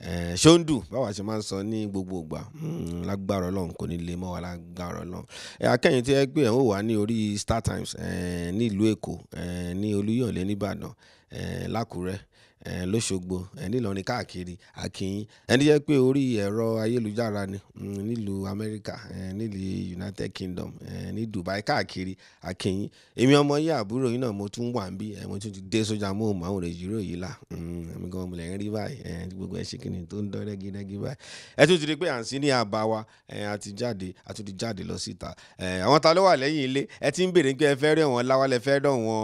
Eh, ṣóńdù báwa ṣe máa ń sọ ní gbogbo ìgbà hmm, lágbára ọlọ́run kò ní lè mọ́ wa lágbára ọlọ́run eh, akẹ́yìn tí ẹ gbé ẹ̀ ń wà ní orí Star Times eh, nílùú Èkó ní Olúyọ̀lé nìbàdàn lákùrẹ́ lọ́ṣogbo nílọrin káàkiri akínyìn ẹni jẹ́ pé orí ẹ̀rọ ayélujára ni mm, nílùú amẹ́ríkà nílùú united kingdom ní dubai káàkiri akínyìn èmi ọmọ yín àbúrò yín náà mo tún wà níbí mo tún ti dé sójà mọ́ òun àwọn òrèjìrò yìí là mm, èmi gan mo lè rí báyìí gbogbo ẹ̀ ṣe ni tó ń dán rẹ́gírẹ́gí báyìí ẹ tún ti rí pé à ń sí ní àbá wa a ti jáde a tún ti jáde lọ síta àwọn ta ló wà lẹ́yìn ilé ẹ ti ń béèrè pé ẹ fẹ́ rẹ̀ wọ́n láwálẹ̀ fẹ́ rẹ̀ wọ́n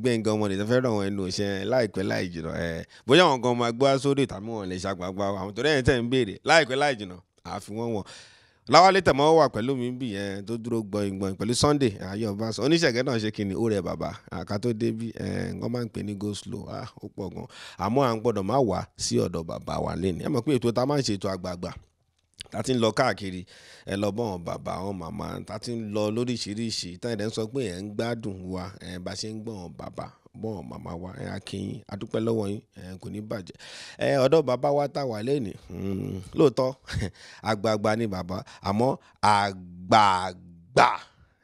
gbẹ̀ngàn ọmọdé fẹ́ rẹ̀ wọ́n ẹnu òṣèlú láìpẹ́ láì bóyá àwọn gan máa gbọ́ sórí tàbí wọn lè ṣàgbàgbà àwọn tó rẹ́yìn tẹ̀ ń béèrè láìpẹ́ láì jìnnà àfi wọ́n wọ̀n láwálé tẹ̀mọ́ wà pẹ̀lú mi bì yẹn tó dúró gbọ̀yìn gbọ̀yìn pẹ̀lú Sunday ayé ọba sọ oníṣẹ̀gẹ́ náà ṣe kìnnì ó rẹ̀ bàbá àká tó débi wọ́n máa ń pè ní go slow ó pọ̀ gan àmọ́ à ń gbọ́dọ̀ má wá sí ọ̀dọ̀ bàbá wa lẹ́nu ẹ mọ̀ pé ètò ta máa ń ṣètò àgbààgbà láti ń lọ káàkiri ẹ lọ bọ́ àwọn bàbá àwọn màmá láti ń lọ lóríṣiríṣi táyà dẹ́ sọ pé ẹ̀ ń gbádùn wa ẹ̀ bá ṣe ń gbọ́ bàbá mọ́ màmá wa ẹ̀ akínyìn adúpẹ́ lọ́wọ́ yín ẹ̀ kò ní bàjẹ́ ẹ̀ ọ̀dọ̀ bàbá wa tá wà lẹ́nìí hmm, lóòótọ́ àgbààgbà ni bàbá àmọ́ àgbààgbà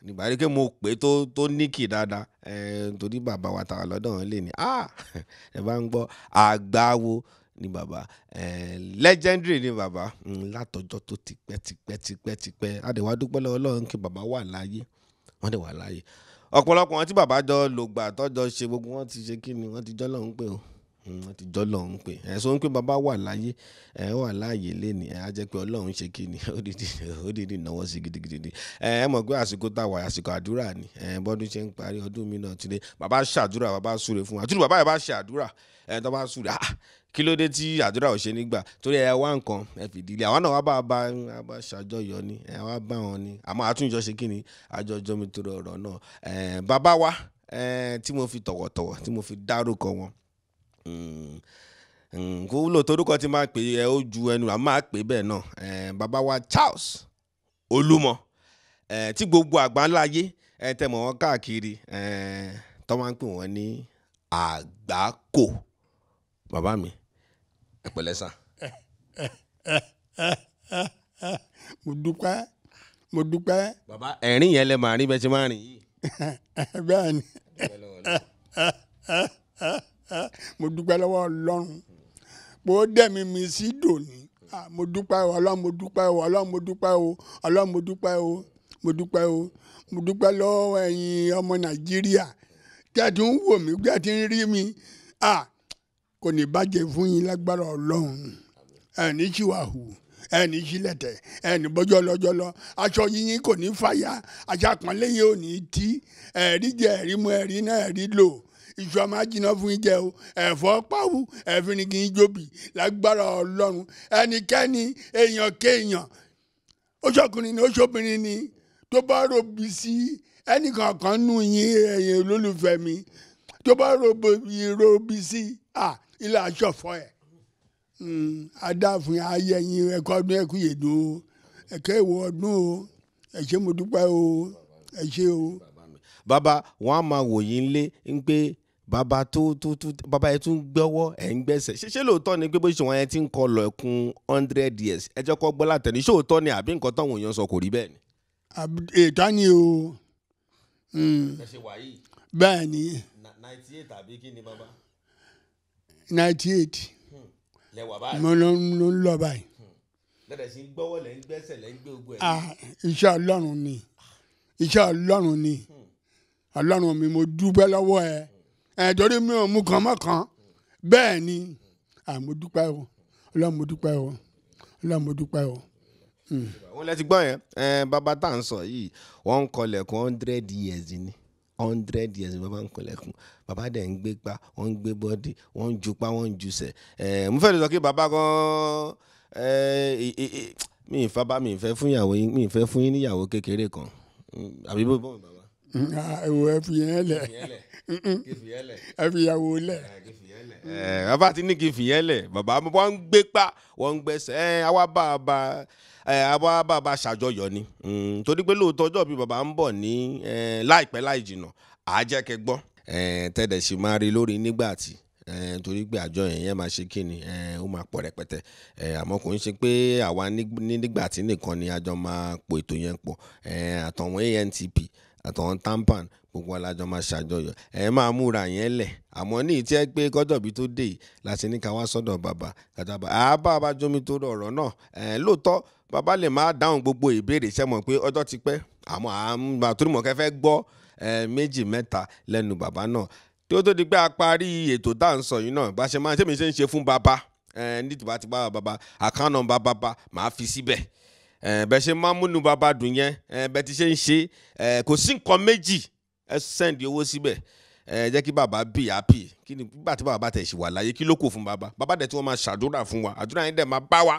nígbà rí pé mo pè tó tó níkì dáadáa ẹ̀ torí bàbá wa tá wà lọ́dọ̀ wọn lẹ́nìí ah ẹ̀ bá ń gbọ́ àgbáwo ni bàbá eh, legendary ni bàbá hmm, látọjọ́ tó ti pẹ́ ti pẹ́ ti pẹ́ ti pẹ́ adẹwà dúpẹ́ lọ́wọ́ Ọlọ́run kí bàbá wà láàyè wọ́n dẹ̀ wà láàyè ọ̀pọ̀lọpọ̀ wọn tí bàbá jọ lògbà tọ́jọ ṣe gbogbo wọn ti ṣe kí ni wọ́n ti jọ́ lọ́hún pé o. Mm, wọ́n ti jọ́ lọ́hún pé ẹ̀ sọ pé bàbá wà láyé ẹ̀ wà láàyè lẹ́ni ẹ̀ á jẹ́ pé ọlọ́run ṣe kí ni ó dìde ìnáwó sí gidigidi ni ẹ̀ mọ̀ pé àsìkò tá àsìkò àdúrà ni ẹ̀ bọ́dún ṣe ń parí ọdún mi náà ti dé bàbá ṣàdúrà bàbá súre fún wa àtúntò baba yẹn bá ṣàdúrà ẹ̀ tó bá súre ah kí ló dé tí àdúrà ò ṣe nígbà torí ẹ wá nǹkan ẹ fìdílé àwọn náà wá bá bá bá ṣàjọyọ̀ ni ẹ wá bá wọn ni àmọ́ àtúnjọ ṣe kí ni àjọjọ mi torí ọ̀rọ̀ náà bàbá wa tí mo fi tọ̀wọ̀tọ̀wọ̀ tí mo fi dárúkọ wọn Hmm. Hmm. kó wúlò torúkọ tí máa pè é ó ju ẹnu àmọ́ máa pè bẹ́ẹ̀ náà eh, bàbá wa Charles Olúmọ eh, tí gbogbo àgbà ńlá eh, wọn káàkiri tọ́ máa ń pè wọ́n ní àgbákò bàbá mi ẹ mo dúpẹ́ mo dúpẹ́. bàbá ẹ̀rín yẹn lẹ rí bẹ́ẹ̀ ṣe máa rìn yìí. bẹ́ẹ̀ ni. mo dúpẹ́ lọ́wọ́ ọlọ́run pé ó dẹ̀mí mi sí dòní mo dúpẹ́ o ọlọ́run mo dúpẹ́ o ọlọ́run mo dúpẹ́ o ọlọ́run mo dúpẹ́ o mo dúpẹ́ o mo dúpẹ́ lọ́wọ́ ẹ̀yin ọmọ nàìjíríà tẹ́tí ń wò mí tẹ́tí ń rí mi kò ní bàjẹ́ fún yín lágbára ọlọ́run ẹni tí wàá hù ẹni sílẹ̀tẹ̀ ẹni bọ́jọ́ lọ́jọ́lọ́ aṣọ yíyín kò ní fàyà aṣọ àpọ́nlé yìí ò ní tí ẹ̀rí ẹ̀rí mu ẹ̀rí náà ẹ̀rí lò ìṣù àmà jìnnà fún yín jẹ o ẹ̀fọ́ pàwù ẹ̀fìnìkì yín jòbì lágbára ọlọ́run ẹnikẹ́ni èèyàn kéèyàn oṣọkùnrin ni oṣobìnrin ni tó bá robi sí ẹnìkankan nù yín ẹ̀yìn olólùfẹ́ mi tó bá robi sí ilé aṣọ̀fọ́ ẹ̀ hmm, adáàfin ayẹyin ẹ̀kọ́ ọdún ẹ̀kú yèdò ẹ̀kẹ́ ìwọ ọdún o ẹ ṣé mo dúpẹ́ o ẹ ṣé o. bàbá wọn á máa wò yín lé ń pé Baba tó tó tó Baba yẹn tún gbẹ́wọ́ ẹ̀ ń gbẹ́sẹ̀ ṣeṣe lóòótọ́ ni pé bó ṣe wọn yẹn ti ń kọ lọ ẹkún hundred years ẹ jẹ́ kó gbọ́ látẹ̀lé ṣé òótọ́ ni àbí nǹkan táwọn èèyàn sọ kò rí bẹ́ẹ̀ ni. ètò ni o. Hmm. bẹ́ẹ̀ ni. ninety eight àbí kí ni baba. ninety eight. Hmm. lẹ́wà báyìí. mo ló ń lọ báyìí. Hmm. lẹ́dẹ̀ sí gbọ́wọ́ lẹ́ gbẹ́sẹ̀ lẹ́ gbé ogun ẹ̀. Ah, iṣẹ́ ọlọ́run ni iṣẹ́ ọlọ́run ni ọlọ́run mi mo dúpẹ́ lọ́wọ́ ẹ̀ ẹ̀ẹ́dọ́rí mi ò mú kan mọ́ kan bẹ́ẹ̀ ni àmójúpẹ́ o ọlọ́mọdúpẹ́ o ọlọ́mọdúpẹ́ o. wọ́n hmm. lẹ ti gbọ́ yẹn bàbá tá à ń sọ yìí wọ́n ń kọlẹ̀kùn hundred years ni hundred years ni bàbá ń kọlẹ̀kùn bàbá dẹ̀ ń gbé pa wọ́n ń gbé bọ́dì wọ́n ń jupá wọ́n ń jusẹ̀ mo fẹ́ lè sọ pé bàbá gan mi ìfẹ́ bá mi ìfẹ́ fún ìyàwó yín mi ìfẹ́ fún yín níyàwó kékeré kan hmm, àbí bó bọ́ bàbá. Mm-hmm. Ah, ẹ fi yẹn lẹ ẹ fi yàwó lẹ. bàbá ti ní kí n fìyẹn lẹ bàbá wọn ń gbé pa wọn ń gbẹsẹ ẹ àwa bá a bá àwa bá a bá a ṣàjọyọ̀ ni mm, torí pé lóòótọ́ ọjọ́ bíi bàbá ń bọ̀ ní láìpẹ́ láì jìnnà àá jẹ́ kẹ́ gbọ́ tẹ́lẹ̀ sì máa rí lórí nígbà tí torí pé àjọ yẹn yẹn máa ṣe kí ni ó máa pọ̀ rẹpẹtẹ àmọ́ kò ń ṣe pé àwa nígbà tí nìkan ni àjọ máa po ètò yẹn pọ̀ àtọ̀wọ̀n ANTP àtọ̀hún tampan gbogbo alájọ máa ṣàjọyọ̀ ẹ máa múra yẹn lẹ̀ àmọ́ ní ìtí ẹ pé kọ́jọ̀bí tó dé yìí láti ní ká wá sọ́dọ̀ bàbá kàtàbà àbá abájómi tó rọ ọ̀rọ̀ náà ẹ lóòótọ́ bàbá lè má dáhùn gbogbo ìbéèrè ṣe mọ̀ pé ọjọ́ ti pẹ́ àmọ́ àmọ́ àtúrùmọ̀ kẹfẹ́ gbọ́ méjì mẹ́ta lẹ́nu bàbá náà tí ó tó di pé a parí ètò tá à ń sọ yìí náà bá ṣe máa ṣe mi ṣe ń ṣe fún bàbá ní tìbátìbá bàbá àkáǹnà bàbá màá fi síbẹ̀ bẹ́ẹ̀ ṣe máa ń múnú bàbá dùn yẹn bẹ́ẹ̀ ti ṣe ń ṣe kò sí nǹkan méjì ẹ sẹ́ndì owó síbẹ̀ ẹ jẹ́ kí bàbá bì á pì kí ni nígbà tí bàbá tẹ̀ ṣì wà láyé kí ló kù fún bàbá bàbá dẹ̀ tí wọ́n máa ṣàdúrà fún wa àdúrà yẹn dẹ̀ máa bá wa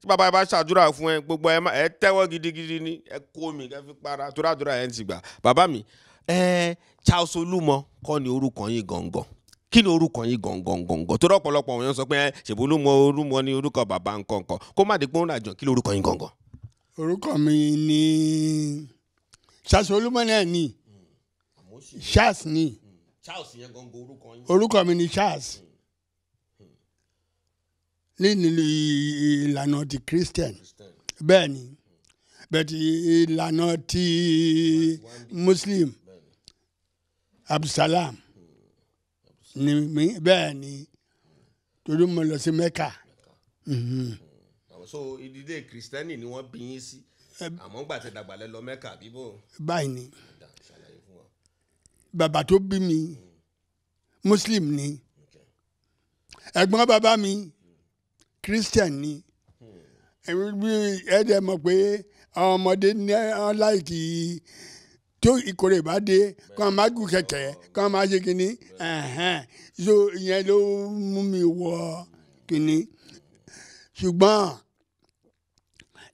tí bàbá bá ṣàdúrà fún ẹ gbogbo ẹ tẹ́wọ́ gidigidi ni ẹ kó mi kẹ́ fi para tó ràdúrà yẹn ti gbà bàbá mi ẹ Charles Olúmọ kọ́ ni orúkọ yín gangan kí ni orúkọ yín gangan gangan tó rọ̀pọ̀lọpọ̀ wọn sọ pé ṣèbólúmọ Olúmọ ni orúkọ bàbá nǹkan kan kó má dé pé ó ń ràjọ kí ni orúkọ yín gangan orúkọ mi ni Charles Olúmọ̀nà ni Charles ni hmm. orúkọ mi ni Charles hmm. hmm. nínú ìlànà ti Christian bẹ́ẹ̀ ni bẹ́ẹ̀ ti ìlànà ti Muslim Abdulsalam ni bẹ́ẹ̀ ni torí mo lọ sí Mecca. Mm-hmm so ìdílé kìrìsìtẹ́nì ni wọ́n bí yín sí àmọ́ gbà tẹ dàgbà lẹ lọ mẹ́kà bíbò. báyìí ni bàbá tó bí mi hmm. muslim ni ẹ̀gbọ́n bàbá mi christian ni hmm. ẹ dẹ̀ mọ̀ pé àwọn ọmọdé ní láìkì tó ìkórè bá dé kàn máa gùn kẹ̀kẹ́ kàn máa ṣe kínní so ìyẹn ló mú mi wọ kínní ṣùgbọ́n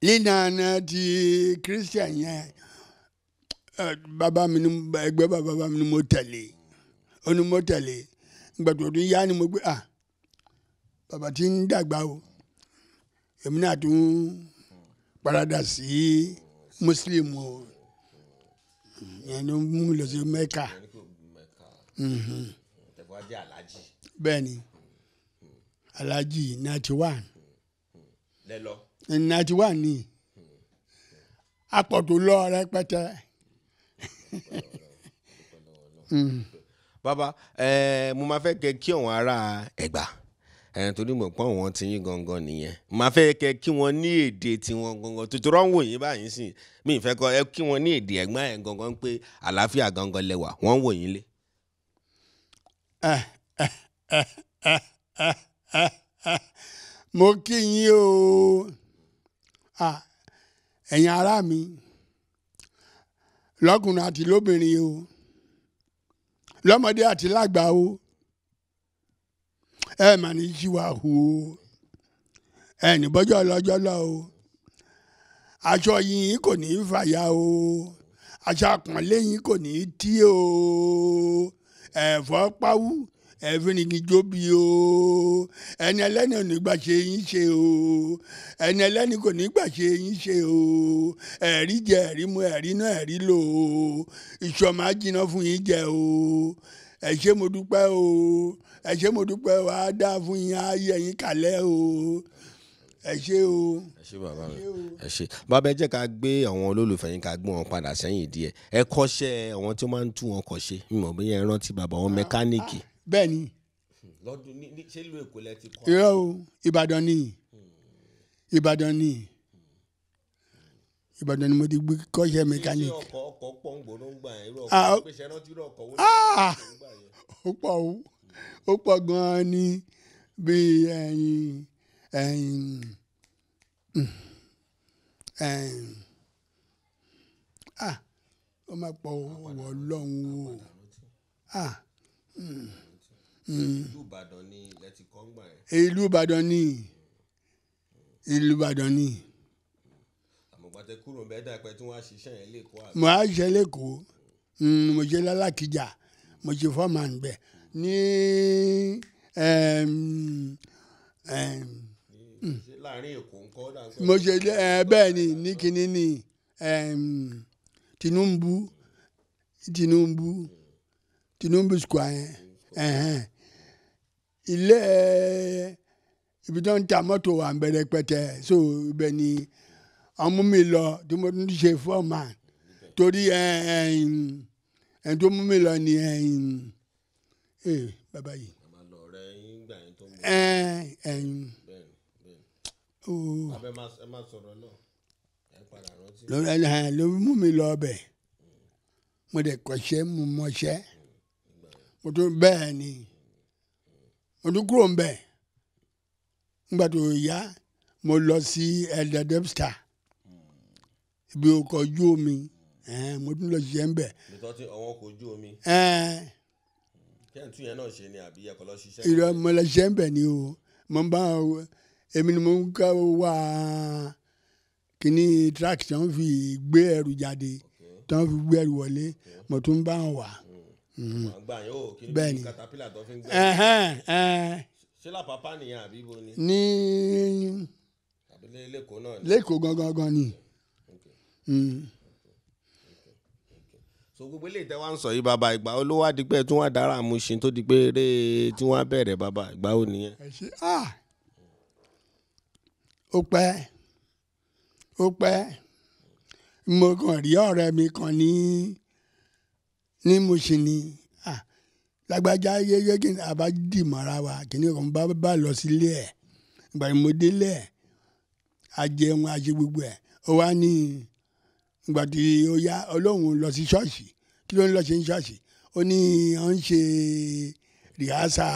lílànà ti christian yẹn bàbá mi ni ẹgbẹ́ bàbá mi ni mo tẹ̀lé ó ní mo tẹ̀lé gbàtò tó yá ni mo gbé à bàbá ti ń dàgbà o èmi náà tún paradà sí muslim o yẹn ló mú mi lọ sí mẹ́kà. Mhm. bẹ́ẹ̀ ni alájì náà ninety one ni apọ̀tò lọ rẹpẹtẹ. Hmm. bàbá mo máa fẹ́ kẹ kí àwọn ará ẹ̀gbá torí mo pọ́n wọn ti yín gangan nìyẹn màá fẹ́ kẹ kí wọ́n ní èdè tiwọn gangan tuntun rán wò báyìí sìn mí ìfẹ́ kọ ẹ kí wọ́n ní èdè ẹ̀gbọ́n ẹ̀ gangan pé àlàáfíà gangan lẹ́wà wọ́n wò lé. mo kí yín o ẹ̀yin ará mi lọ́kùnrin àti lóbìnrin o lọ́mọdé àti lágbà o ẹ mà ní jí wa hù o ẹ ní bọ́jọ́ lọ́jọ́ lọ o aṣọ yìnyín kò ní í fàya o aṣọ àpọ̀nlé yìí kò ní í tí o ẹ̀fọ́ pawú ẹ̀fínigi jóbi o ẹni ẹlẹ́ni ò ní gbà ṣe yín ṣe o ẹni ẹlẹ́ni kò ní gbà ṣe yín ṣe o ẹ̀rí jẹ ẹ̀rí mu ẹ̀rí náà ẹ̀rí lò o ìṣọ̀mọ́ á fún yín jẹ o ẹ ṣé mo dúpẹ́ o ẹ ṣé mo dúpẹ́ o á dáa fún yín á yẹ yín kalẹ̀ o ẹ ṣé o. ẹ ṣé bàbá mi ẹ ṣé bàbá ẹ jẹ́ ká gbé àwọn olólùfẹ́ yín ká gbé wọn padà sẹ́yìn díẹ̀ ẹ kọ́ṣẹ́ àwọn tí wọ́n máa ń tú wọn kọ́ṣẹ́ mímọ̀ bí yẹn rántí bàbá wọn mẹkáníìkì bẹ́ẹ̀ ni. lọ́dún ní ṣé ìlú èkó lẹ ti kọ́. irọ́ o ìbàdàn ni ìbàdàn ni ìbàdàn ni mo ti gbé kọ́ṣẹ́ mechanic. ṣé ọkọ̀ ọkọ̀ pọ̀ ń gbòòrò ń gbà yẹn irú ọkọ̀ ah, pèsè rántí irú ọkọ̀ ah! wọlé ń gbà yẹn. ó pọ̀ gan-an ni bíi ẹyin ẹyin ẹyin ah ó máa pọ̀ wọ̀ lọ́hùn-ún o ah. hmm. Hmm. ìlú Ìbàdàn ni ilẹ̀ ti kọ́ ń gbà ìlú Ìbàdàn ni ìlú ni. mo á ṣe lẹ́kọ̀ọ́ hmm, mo ṣe lálákìjà mo ṣe fọ́ọ̀mà níbẹ̀ ní hmm. mo ṣe bẹ́ẹ̀ ni ní kinní ni Tinubu Tinubu Tinubu square ilé ibi tó ń ta mọ́tò wà ń bẹ̀rẹ̀ pẹ̀tẹ̀ so ibẹ̀ ni ọmú mi lọ tí mo tún ṣe fọ́ọ̀mà torí ẹ̀ẹ́n tó mú mi lọ ni ẹ̀ẹ́n ee eh, bàbá yìí. ẹ̀ẹ́n ẹ̀ẹ́n ooo ló mú mi lọ ọbẹ̀ mo dẹ̀ kọ́ṣẹ́ mo mọṣẹ́ hmm, mo tún bẹ́ẹ̀ ni mo tún kúrò ń bẹ̀ nígbà tó yá mo lọ sí elder debster ibi ọkọ̀ ojú omi mo tún lọ ṣiṣẹ́ ń bẹ̀. nítorí àwọn ọkọ̀ ojú omi. kẹ́hìntì yẹn náà ṣe ni àbí ẹ̀kọ́ lọ ṣiṣẹ́. ìrọ̀ mo lọ ṣiṣẹ́ ń bẹ̀ ni o mo ń bá èmi ni mo ń ká wá kíní track tí wọ́n fi gbé ẹrù jáde tí wọ́n fi gbé ẹrù wọlé mo tún bá wà. Okay. Mm-hmm. bẹ́ẹ̀ni ṣé làpápá nìyẹn àbí ibo ni. ní lẹ́kọ̀ọ́ gangan ni. Mm. so gbogbo eléyìí tẹ́ wá ń sọ yìí bàbá ìgbà wo ló wá di pé tí wọ́n dára àmúṣin tó di pé eré tí wọ́n bẹ̀rẹ̀ bàbá ìgbà wo nìyẹn. Ah! ó pẹ́ ó pẹ́ mo kàn rí ọ̀rẹ́ mi kan ní. Ni ní mo ṣe ni lágbájá yẹyẹ kí ni àbá dì mọ́ra wa kí ni ọkàn bá bá lọ sílé ẹ̀ ìgbà tí mo délé ẹ̀ a jẹun a ṣe gbogbo ẹ̀ ó wá ní ìgbà tí ó yá ọlọ́run lọ sí ṣọ́ọ̀ṣì kí ló ń lọ ṣe ní ṣọ́ọ̀ṣì ní ó ń ṣe rìhásà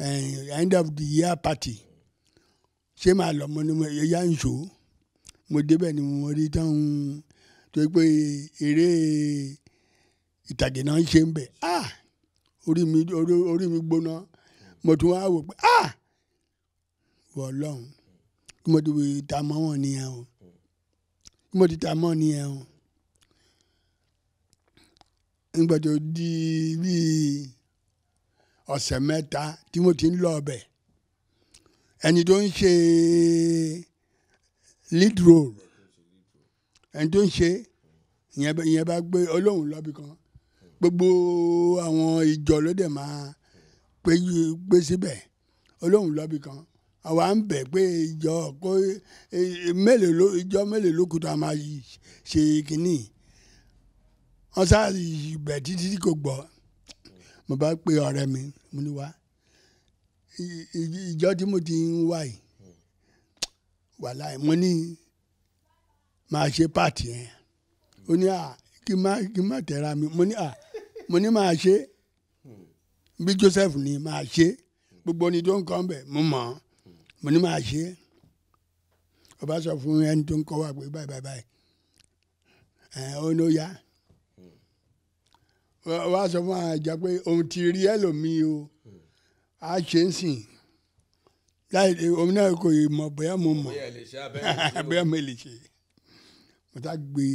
eh, end of the year party ṣé màá lọ mọ ni mo yá ń ṣòó mo débẹ̀ ni mo rí tán tó pé eré ìtàgé náà ń ṣe ń bẹ̀ ah orí mi orí mi gbóná mo tún wá wò pé ah wọ ọlọ́run kí mo ti wò ìta mọ́ wọn nìyẹn o kí mo ti ta mọ́ nìyẹn o nígbà tó di bíi ọ̀sẹ̀ mẹ́ta tí mo ti ń lọ ọbẹ̀ ẹni tó ń ṣe lead role ẹni tó ń ṣe ìyẹn bá gbé olóhùn lọ́bì kan gbogbo àwọn ìjọ ló dẹ̀ máa gbé síbẹ̀ olóhùn lọ́bì kan àwa ń bẹ̀ pé ìjọ kó mélòó ló ìjọ mélòó ló kùtà máa ṣe kínní wọ́n sáà bẹ̀ títí kò gbọ́ mo bá pe ọ̀rẹ́ mi mo ní wá ìjọ tí mo ti ń wá yìí wàhálà ẹ̀ mo ní máa ṣe páàtì yẹn ó ní à kí má tẹ̀ra mi mo ní à mo ní máa ṣe bí Joseph ní máa ṣe gbogbo ni tó ń kọ́ bẹ̀ mo mọ̀ mo ní máa ṣe ọba sọ fún ẹni tó ń kọ́ wa pé báyìí báyìí báyìí ẹ̀ ọ́ ló yá wá sọ fún àwọn ìjà pé òun ti rí ẹlòmíì o a ṣe ń sìn láì òun náà kò mọ̀ bóyá mo mọ̀ bóyá mo lè ṣe mo ta gbé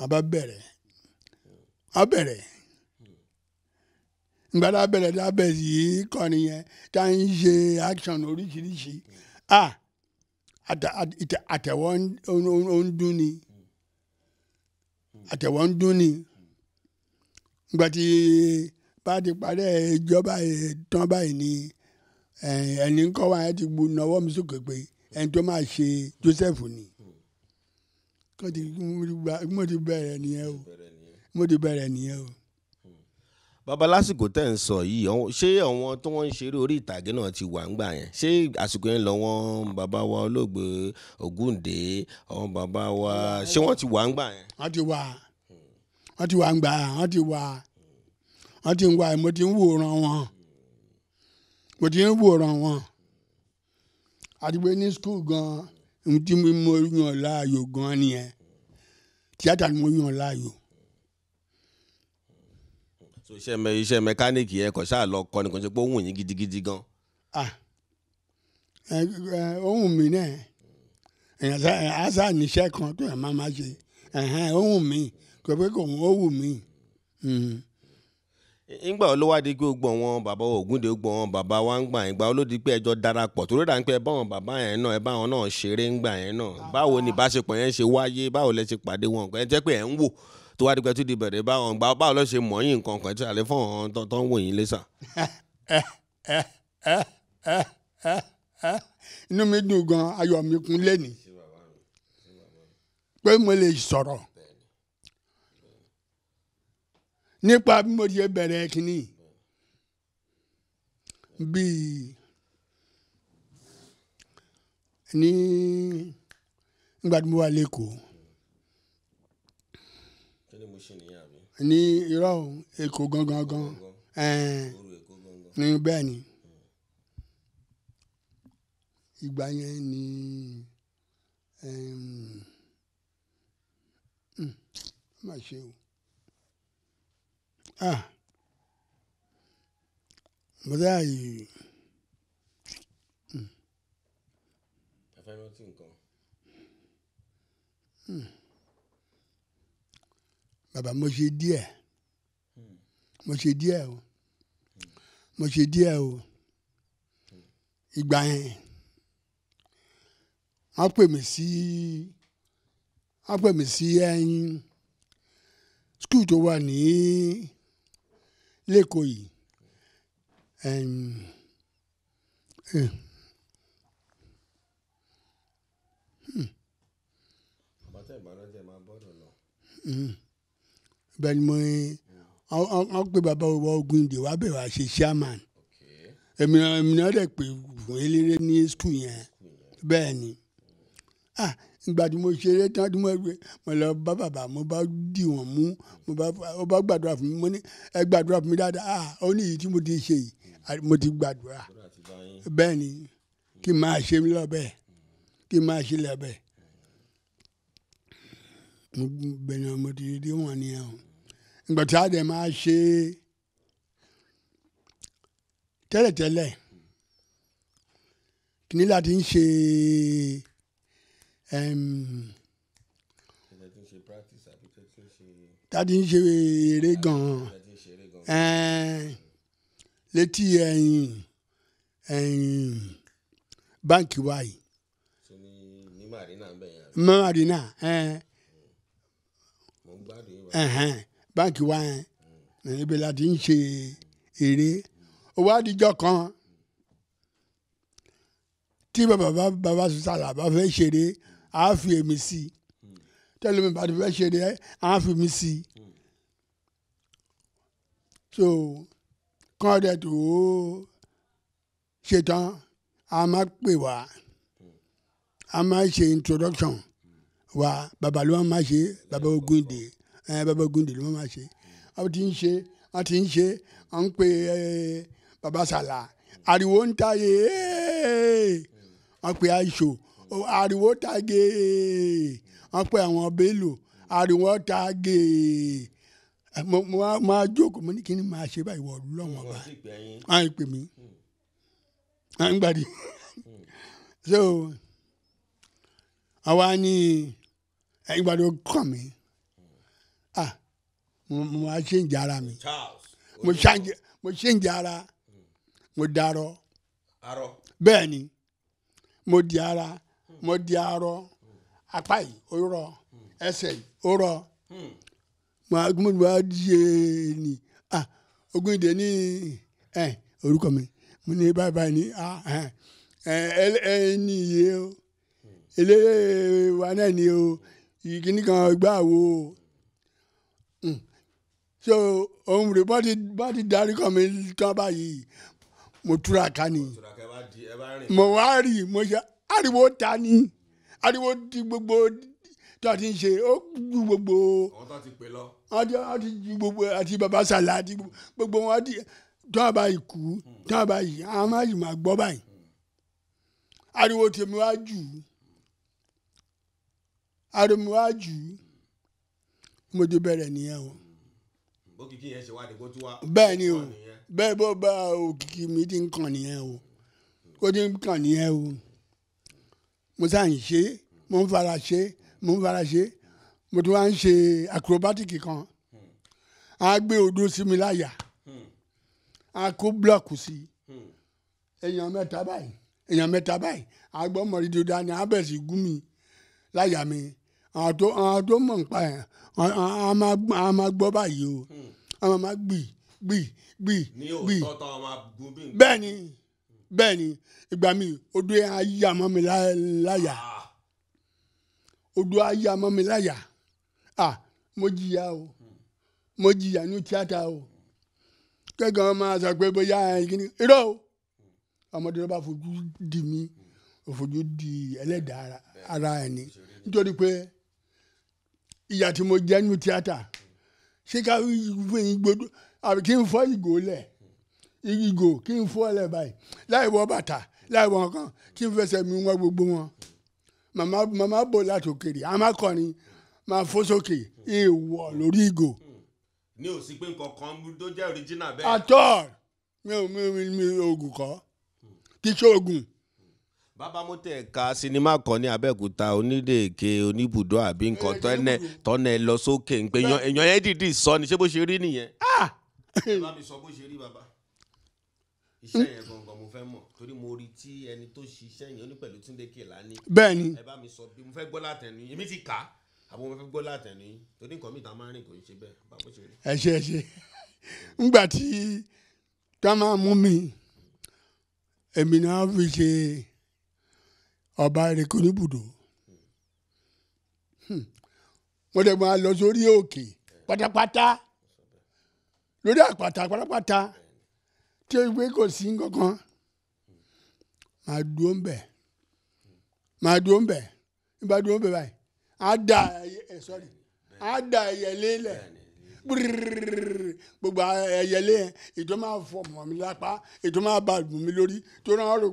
wọn bẹ̀rẹ̀ abẹ̀rẹ̀ ngbada abẹ̀rẹ̀ dábẹ̀ yìí kọ́ni yẹn tá à ń ṣe action oríṣiríṣi a àtẹ̀wọ́ ń dún ni àtẹ̀wọ́ ń dún ni gbàtí bá ti parẹ́ ìjọba tán báyìí ni ẹni kọ́ wa ti gbu nọwọ́ mi sókè pé ẹni tó máa ṣe Joseph ni kó ti mo ti bẹ̀rẹ̀ nìyẹn o mo ti bẹ̀rẹ̀ nìyẹn o. bàbá lásìkò tẹ̀ ń sọ yìí ṣé àwọn tí wọ́n ń ṣeré orí ìtàgé náà ti wà ńgbà yẹn ṣé àsìkò yẹn lọ wọn bàbá wa olóògbé Ògúndé àwọn bàbá wa ṣé wọ́n ti wà ńgbà yẹn. wọ́n ti wà wọ́n ti wà ńgbà wọ́n ti wà wọ́n ti ń wà mo ti ń wòran wọn mo ti ń wòran wọn àti ní skul gan-an tí mo yàn láàyò gan nìyẹn tíátà ni mo yàn láàyò so iṣẹ́ mẹ iṣẹ́ mẹkáníìkì ẹ kọ̀ ṣáà lọ kọ́ ni kò ṣe pé ó wù yín gidigidi gan. ohun ah. mi náà èèyàn àṣà níṣẹ́ kan tó yẹ máa ma ṣe ohun mi kò pé kò ó wù mí. Hmm. ìgbà wo ló wá di pé ó gbọ̀n wọn bàbá Ògúndé ó gbọ̀n wọn bàbá wa ń gbà yín gbà ó ló di pé ẹjọ́ darapọ̀ torí dà ń pẹ́ báwọn bàbá yẹn náà ẹ báwọn náà ṣeré ń gbà yẹn náà báwo ni ìbáṣepọ̀ yẹn ṣe wáyé báwo lẹ ṣe pàdé wọn kò ẹ jẹ́ pé ẹ̀ ń wò tó wá dípẹ́ tó di bẹ̀rẹ̀ báwọn gbà báwọn lọ́ọ́ ṣe mọ̀ yín nǹkan kan tí àlẹ́ fún ọ̀hún tó ń wò yín lé sà. inú mi dùn gan ayọ̀ mi kún lẹ́nìí pé mo lè sọ̀rọ̀ nípa bí mo ṣe bẹ̀rẹ̀ kínní bíi ní ìgbà tí mo wà lẹ́kọ̀ọ́ ní irọ́ èkó gangan gan ní bẹ́ẹ̀ ni hmm. ìgbà yẹn ni hmm, má ṣe o ah mo dá yìí. Hmm. ẹ fẹ́ rántí nǹkan. Hmm bàbá mo ṣe díẹ̀ hmm. mo ṣe díẹ̀ o mo ṣe díẹ̀ o ìgbà yẹn wọ́n pè mí sí wọ́n pè mí sí ẹyin skul tó wà ní lẹ́kọ̀ọ́ yìí bàtà eh. hmm. ìbànújẹ́ bẹ́ẹ̀ ni mo wọ́n pe bàbá wa Ògúndé wá bẹ̀ wá ṣe chairman èmi náà èmi náà dẹ̀ pé fún eléré ní skul yẹn bẹ́ẹ̀ ni ah ìgbà tí mo ṣeré tán tí mo gbé mo lọ bá bàbá mo bá dì wọ́n mú mo bá ó bá gbàdúrà fún mi mo ní ẹ gbàdúrà fún mi dáadáa ah ó ní èyí tí mo ti ṣe yìí mo ti gbàdúrà bẹ́ẹ̀ ni kí n máa ṣe lọ bẹ́ẹ̀ kí n máa ṣe lọ bẹ́ẹ̀ ni mo ti rí wọn nìyẹn o ìgbà tí a dẹ̀ máa ṣe tẹ́lẹ̀tẹ́lẹ̀ kìíní láti ń ṣe tàbí ń ṣe eré gan-an létí ẹ̀yìn ẹ̀yìn báǹkì wa yìí. ní marina. marina. mo ń gbádùn yín wá báǹkì wa yẹn ibẹ̀ la ti ń ṣe èrè ó wá díjọ́ kan tí bàbá bàbá sùsàlà bá fẹ́ ṣeré á fi èmi sí i tẹ́lẹ̀ mi bá ti fẹ́ ṣeré á fi mi sí i so kán dẹ̀ tó ṣetán a máa pè wá a máa ṣe introduction wa bàbá ló máa ṣe bàbá Mm bàbá Ògúndé ló máa ṣe wọ́n ti ń ṣe wọ́n ti ń ṣe wọ́n ń pe bàbá sàlà ariwo ń ta ye wọ́n pe àìṣò ariwo ta ge wọ́n pe àwọn bello ariwo ta ge mo máa jókòó mo ní kí ni máa ṣe báyìí wọ̀ lọ́wọ́n bá wọ́n pè mí wọ́n gbàdí so àwa ni ìgbàdo kàn mí. mo wá ṣèǹjẹ ara mi mo ara hmm. mo darọ ni mo di ara hmm. mo di arọ hmm. apá yìí ó rọ yìí ó rọ mo wá di ni ogun ìdè ní orúkọ mi mo ní báyìí báyìí ní o eléyìí wa náà ni o so ohun rè bá ti darí kan mi tán báyìí mo túra ká ni mo wá rí mo ṣe ariwo ta ni ariwo ti gbogbo tí a ti ń ṣe ó ju gbogbo wọ́n ti ju gbogbo àti baba sàlá àti gbogbo wọn ti tí wọ́n bá kú tí wọ́n bá yìí àwọn yìí máa gbọ́ báyìí ariwo tèmi wá jù ariwo mi wá jù mo ti bẹ̀rẹ̀ nìyẹn o òkìkí yẹn ṣe wádìí kó tú wá. bẹ́ẹ̀ ni o bẹ́ẹ̀ bó bá òkìkí mi ti ń kàn nìyẹn o ó ti ń kàn nìyẹn o mo sá ń ṣe mo ń fara ṣe mo ń fara ṣe mo tún wá ń ṣe acrobatic kan a gbé odó sí mi láyà hmm. a kó blọọkù sí hmm. èèyàn mẹ́ta báyìí èèyàn mẹ́ta báyìí a gbọ́ mọ̀rídìí a bẹ̀ sí gún láyà mi. Hmm àwọn tó àwọn tó mọ̀ nípa ẹ̀ àwọn máa gbọ́ báyìí o hmm. àwọn máa gbì gbì gbì gbì bẹ́ẹ̀ ni bẹ́ẹ̀ ni ìgbà mi odò ayé àmọ́ ah. mi láyà odò ayé àmọ́ mi láyà ah mo jìyà o hmm. mo jìyà ní tíátà o kẹ́kọ̀ọ́ máa sọ pé bóyá ẹ̀yìn irọ́ o hmm. ọmọdé ló bá fojú di mi òfojú di ẹlẹ́dàá ara ẹni nítorí pé ìyà tí mo jẹ́ nu tíátà ṣé ká fún ìgbódò àbí kí n fọ́ ìgò lẹ̀ ìgò kí n fọ́ lẹ̀ báyìí láì wọ bàtà láì wọ nǹkan kí n fẹsẹ̀ mi wọ́n gbogbo wọn màmá màmá bò láti òkèrè àmà kọrin màá fò sókè èèwọ̀ lórí ìgò. ní òsì pé nǹkan tó jẹ́ original bẹ́ẹ̀. àtọ́ mi ò mi ò mi oògùn kọ́ kí ṣe oògùn bábámọ́tẹ̀ ka sinimá kan ní abẹ́òkúta onídèéké oníbùdó àbí nǹkan tọ́nẹ tọ́nẹ lọ sókè ń pé èèyàn yẹn dìdí sọ ni ṣé bó ṣe rí nìyẹn. Ah! ẹ mi sọ bó ṣe rí bàbá iṣẹ́ yẹn gangan mo fẹ́ mọ̀ torí mo rí tí ẹni tó ṣiṣẹ́ yẹn ní pẹ̀lú Túndé Kèlání. bẹ́ẹ̀ni ẹ bá mi sọ bí mo fẹ́ gbọ́ látẹnu èmi ti kà á àbọ̀ mo fẹ́ gbọ́ látẹnu torí nǹkan mi ta máa ń rìn kò ń ṣe bẹ́ẹ̀ bàbá ṣe rí. ẹ ṣe ẹ ṣe ngbà tí ká máa mú mi èmi náà fi ṣe. ọba erékùn níbùdó hmm. wọ́n dẹ̀ máa lọ sórí òkè pátápátá lórí pátápátá tí o gbé kò sí kankan máa dúró ń bẹ̀ máa dúró ń bẹ̀ dúró báyìí á da ẹ̀ gbogbo yẹn ètò máa fọ mọ̀ mi lápá ètò máa mi lórí tó náà rò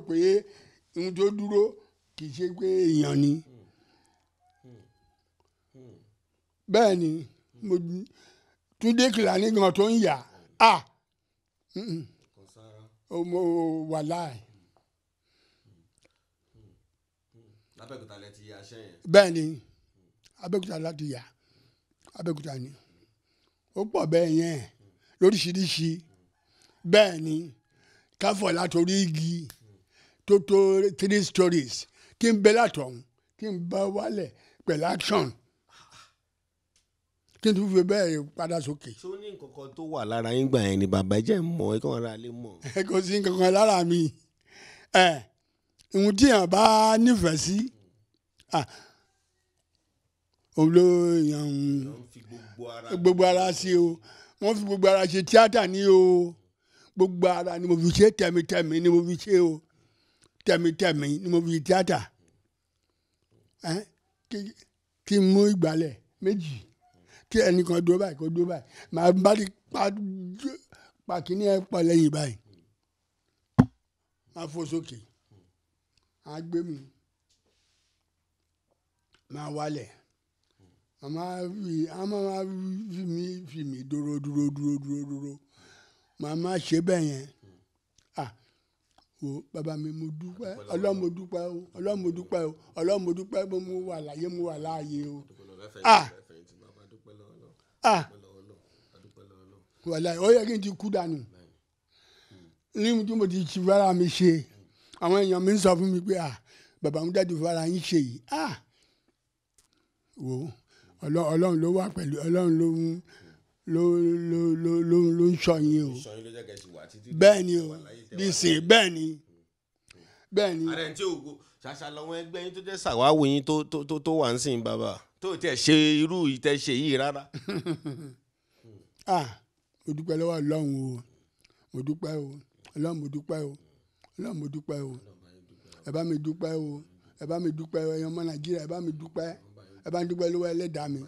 kì í ṣe pé èèyàn ni bẹ́ẹ̀ ni mo túndé kìlání gan tó ń yà á mo wà láì. lábẹ́òkúta lẹ ti yà aṣẹ́ yẹn. bẹ́ẹ̀ ni abẹ́òkúta láti yà abẹ́òkúta ni ó pọ̀ bẹ́ẹ̀ yẹn lóríṣiríṣi bẹ́ẹ̀ ni káfọ̀ látòrí igi tó tó three stories kí n bẹ látọ̀hún kí n bá wálẹ̀ pẹ̀lú action kí n tún fi bẹ́ẹ̀ padà sókè. ṣó ní nǹkankan tó wà lára yín gbà yẹn ni bàbá jẹ́ mọ́ ẹ kàn ra lè mọ̀. ẹ kò sí nǹkankan lára mi ẹ ìhun tí yàn bá nífẹ̀ẹ́ sí olo yàn gbogbo ara sí o wọ́n fi gbogbo ara ṣe tíátà ní o gbogbo ara ni mo fi ṣe tẹ̀mítẹ̀mí ni mo fi ṣe o tẹ̀mítẹ̀mí ni mo fi ṣe tíátà kí n mú ìgbálẹ̀ méjì kí ẹnìkan dúró báyìí kó dúró báyìí màá bá ti pa pa kíní ẹ pọ̀ lẹ́yìn báyìí màá fò sókè màá gbé mi màá wálẹ̀ màmá fi àmà fi mi fi mi dúró dúró dúró dúró dúró màmá ṣe bẹ́ẹ̀ yẹn wo bàbá mi mo dúpẹ́ ọlọ́run mo dúpẹ́ o ọlọ́run mo dúpẹ́ o ọlọ́run mo dúpẹ́ bó mo wà láyé mo wà láàyè o. Ah. wàlá ó yẹ kí n ti kú dànù ní tí mo ti ti fara mi ṣe àwọn èèyàn mi ń sọ fún mi pé bàbá mi dájú fara yín ṣe yìí ah. wo ọlọ́run ló wà pẹ̀lú ọlọ́run ló ń ló ló ló ló ló ń sọ yín o bẹ́ẹ̀ ni o nísìn bẹ́ẹ̀ ni bẹ́ẹ̀ ni. ààrẹ tí ògo ṣàṣà lọ́wọ́ ẹgbẹ́ yín tó jẹ́ sàwáwò yín tó tó tó wà ń sìn bàbá tó tẹ̀ ṣe irú ìtẹ̀ ṣe yìí rárá. ah mo dúpẹ́ lọ́wọ́ ọlọ́run o mo dúpẹ́ o ọlọ́run mo dúpẹ́ o ọlọ́run mo dúpẹ́ o ẹ bá mi dúpẹ́ o ẹ bá mi dúpẹ́ o ẹ̀yin ọmọ nàìjíríà ẹ bá mi dúpẹ́ ẹ bá mi dúpẹ́ lọ́wọ́ ẹlẹ́dàá mi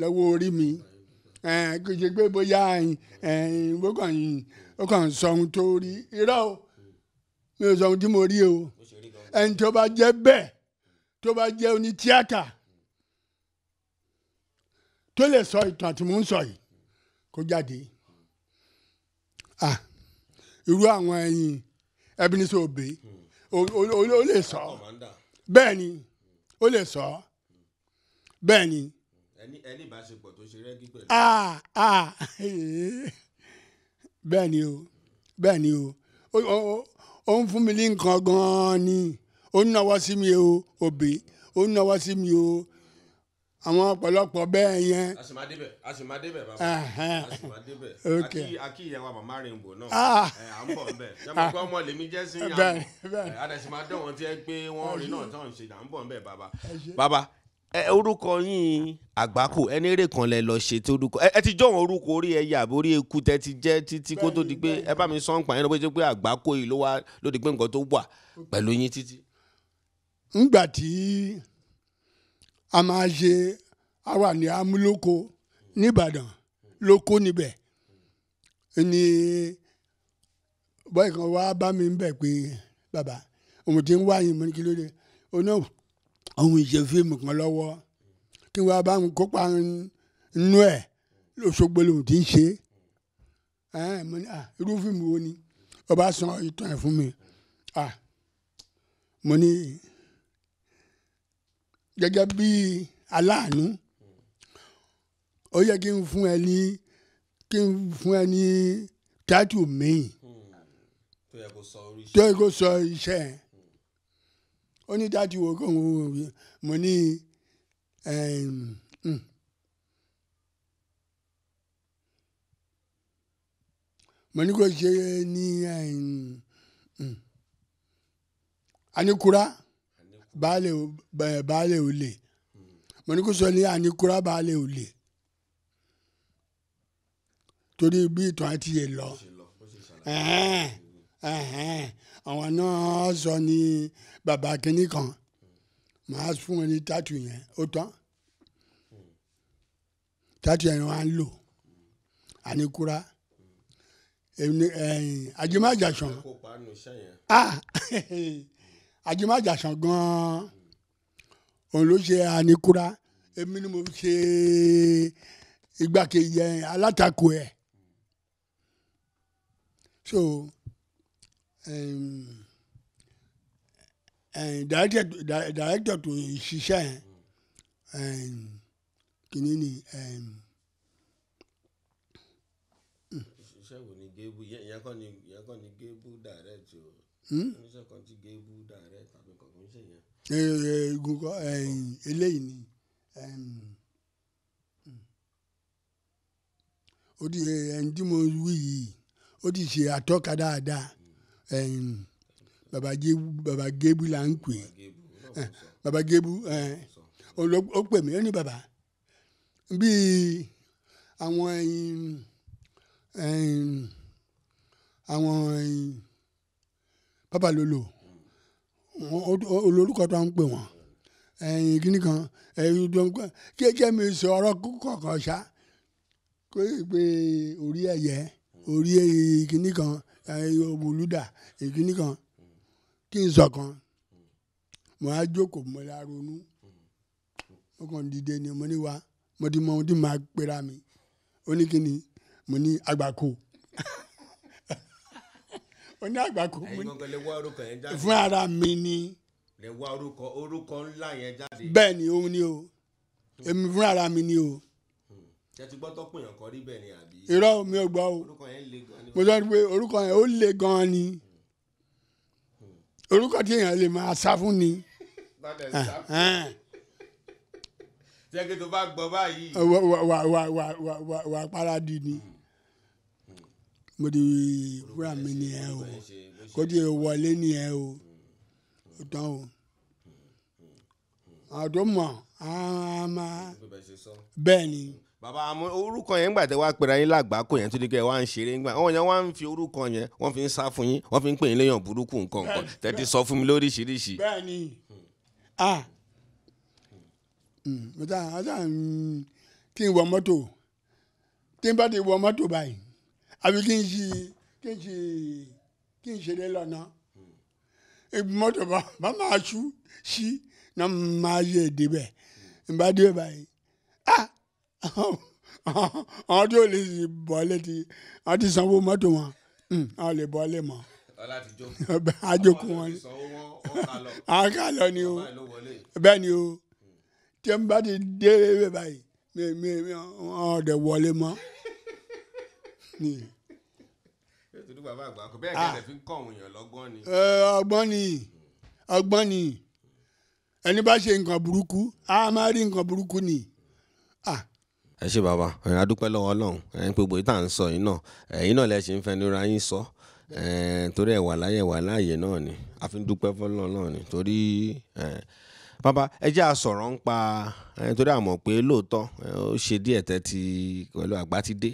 lọ́wọ́ orí mi. Eh, kìí pé bóyá ó kàn yín ó kàn sọ ohun tó rí irọ́ o mi ò sọ ohun tí mo rí o ẹni tó bá jẹ́ bẹ́ẹ̀ tó bá jẹ́ oní tíátà tó lè sọ ìtàn tí mò ń sọ yìí kó jáde irú àwọn ẹyin Ebenezer Obey ó lè sọ bẹ́ẹ̀ ni ó lè sọ bẹ́ẹ̀ ni ẹni ìbáṣepọ̀ tó ṣe rẹ́gí pẹ̀lú. Ah, ah, bẹ́ẹ̀ ni o bẹ́ẹ̀ ni o ó ń fún mi ní nǹkan gan-an ni ó ń náwó sí mi o òbí ó ń náwó sí mi o àwọn ọ̀pọ̀lọpọ̀ bẹ́ẹ̀ yẹn. àṣìmàdébẹ̀ àṣìmàdébẹ̀ bàbá àṣìmàdébẹ̀ àkì àkì ìyàwó màmá Rainbow náà ah. à ń bọ̀ nbẹ̀ jẹ́mọ̀ pé ọmọ lèmi jẹ́ sí yàrá àdàsìmàdéwọ̀n tí ẹ gbé wọ́n rí náà tán ṣe à ń bọ̀ nbẹ̀ bàbá bàbá ẹ orúkọ yín àgbákò ẹni eré kan lẹ lọ ṣe tí orúkọ ẹ ti jọ̀wọ́n orúkọ orí ẹyà àbórí eku tẹ ti jẹ́ títí kó tó di pé ẹ bá mi sọ ń pa yín lọ bó ṣe pé àgbákò yìí ló wá ló di pé nǹkan tó wà pẹ̀lú yín títí. ńgbà tí a máa ṣe àwa ní amúlòkó nìbàdàn ló kó níbẹ̀ ni bọ́ọ̀ kan wá bá mi ń bẹ̀ pé bàbá òun ti ń wá yín mọ́ kí ló dé onáwó àwọn ìṣe fíìmù kan lọ́wọ́ kí wọ́n bá ń kópa nínú ẹ̀ lóṣogbo lòun ti ń ṣe irú fíìmù wo ni wọ́n bá san ìtàn ẹ̀ fún mi mo ní gẹ́gẹ́ bí aláàánú ó yẹ kí n fún ẹ ní kí n fún ẹ ní tátù míì hmm. tó yẹ kó sọ iṣẹ́ ó ní dáàdi wo kò mo ní hmm. mo ní kò ṣe ní anikura baale baale olè mo ní kò sọ ní anikura baale olè torí bí ìtàn àti yẹ lọ àwọn náà sọ ní bàbá kínní kan màá fún wọn ní tátù yẹn ó tán tátù yẹn wọ́n á lò àníkúra àjẹmájàsán àjẹmájàsán gan-an òun ló ṣe àníkúra èmi ni mo ṣe igbákejì alátakò ẹ̀ so um, um, director di director tó ṣiṣẹ́ yẹn kìíní ni. iṣẹ́ wo ni gébù yẹn kọ́ ni yẹn kọ́ ni gébù direct o hmm? oníṣẹ́ kan ti eléyìí ni ó ti ẹni tí mo wí yìí ó ti ṣe àtọ́ka dáadáa baba gebu baba gebu là ń pè baba gebu ó pè mí ó ní baba bíi àwọn àwọn pápá lolo olórúkọ tó ń pè wọ́n ẹyin kìnnì kan ẹyin tó ń pè kéèké mi sọ ọ̀rọ̀ kọ̀ọ̀kan ṣá pé orí ẹ̀yẹ orí kìnnì kan oògùn olúdà ìkíní kan kí n sọ̀kan mo á jókòó mo la ronú mo kàn dìde ni mo ní wa mo ti mọ ohun tí màá pera mi ó mo ní àgbákò ó ní àgbákò fún ara mi ni. lè òun ni o èmi fún ara mi ni o ẹ ti gbọ́ tọ́pọ̀ èèyàn kan rí bẹ́ẹ̀ ni àbí. irọ́ mi ò gbọ́ o mo sọ pé orúkọ yẹn ó le gan-an ni hmm. orúkọ tí èèyàn lè máa sá fún ni. jẹ́kí tó bá gbọ́ báyìí. wà wà wà wà wà wà paradì ni hmm. mo di wúrà hmm. mi nìyẹn o kó di wọlé nìyẹn o o tán o àwọn tó mọ̀ á bẹ́ẹ̀ ni. Mm bàbá àmọ́ orúkọ yẹn ńgbà tẹ wá pera yín lágbàákò yẹn tó di kẹ wá ń ṣeré ńgbà wọn yẹn wá ń fi orúkọ yẹn wọ́n fi ń sá fún yín wọ́n fi ń pè yín léèyàn burúkú nǹkan nǹkan tẹ̀tí sọ fún mi lóríṣiríṣi. bẹ́ẹ̀ni a ọjà ọjà kí n wọ mọ́tò tí n bá ti wọ mọ́tò báyìí àbí kí n ṣe kí n ṣe kí n ṣeré lọ́nà mọ́tò bá máa ṣú sí náà máa yẹ èdè bẹ́ẹ̀ n bá dé báyìí ah àwọn tí ò lè bọ́ alẹ́ ti a ti sanwó mọ́tò wọn hmm. a lè bọ́ alẹ́ mọ́ àjòkó wọn ni àkàlọ́ ni o bẹ́ẹ̀ ni o tí n bá ti dé ewé báyìí mi mi mi ọ̀ dẹ̀ wọlé mọ́ ni. Ah. ọgbọ́n ni ọgbọ́n ni ẹni bá ṣe nǹkan burúkú a máa rí nǹkan burúkú ni. Ah ẹ ṣé bàbá ẹ̀yin adúpẹ́ lọ́wọ́ ọlọ́run ẹ̀yin gbogbo yìí tá à ń sọ yìí náà ẹ̀yin náà lẹ ṣe ń fẹnura yín sọ torí ẹ̀ wà láyé wà láàyè náà ni a fi ń dúpẹ́ fọlọ́run náà ni torí bàbá ẹ jẹ́ àsọ̀rọ̀ ń pa torí a mọ̀ pé lóòótọ́ ó ṣe díẹ̀ tẹ́ ti pẹ̀lú àgbá ti dé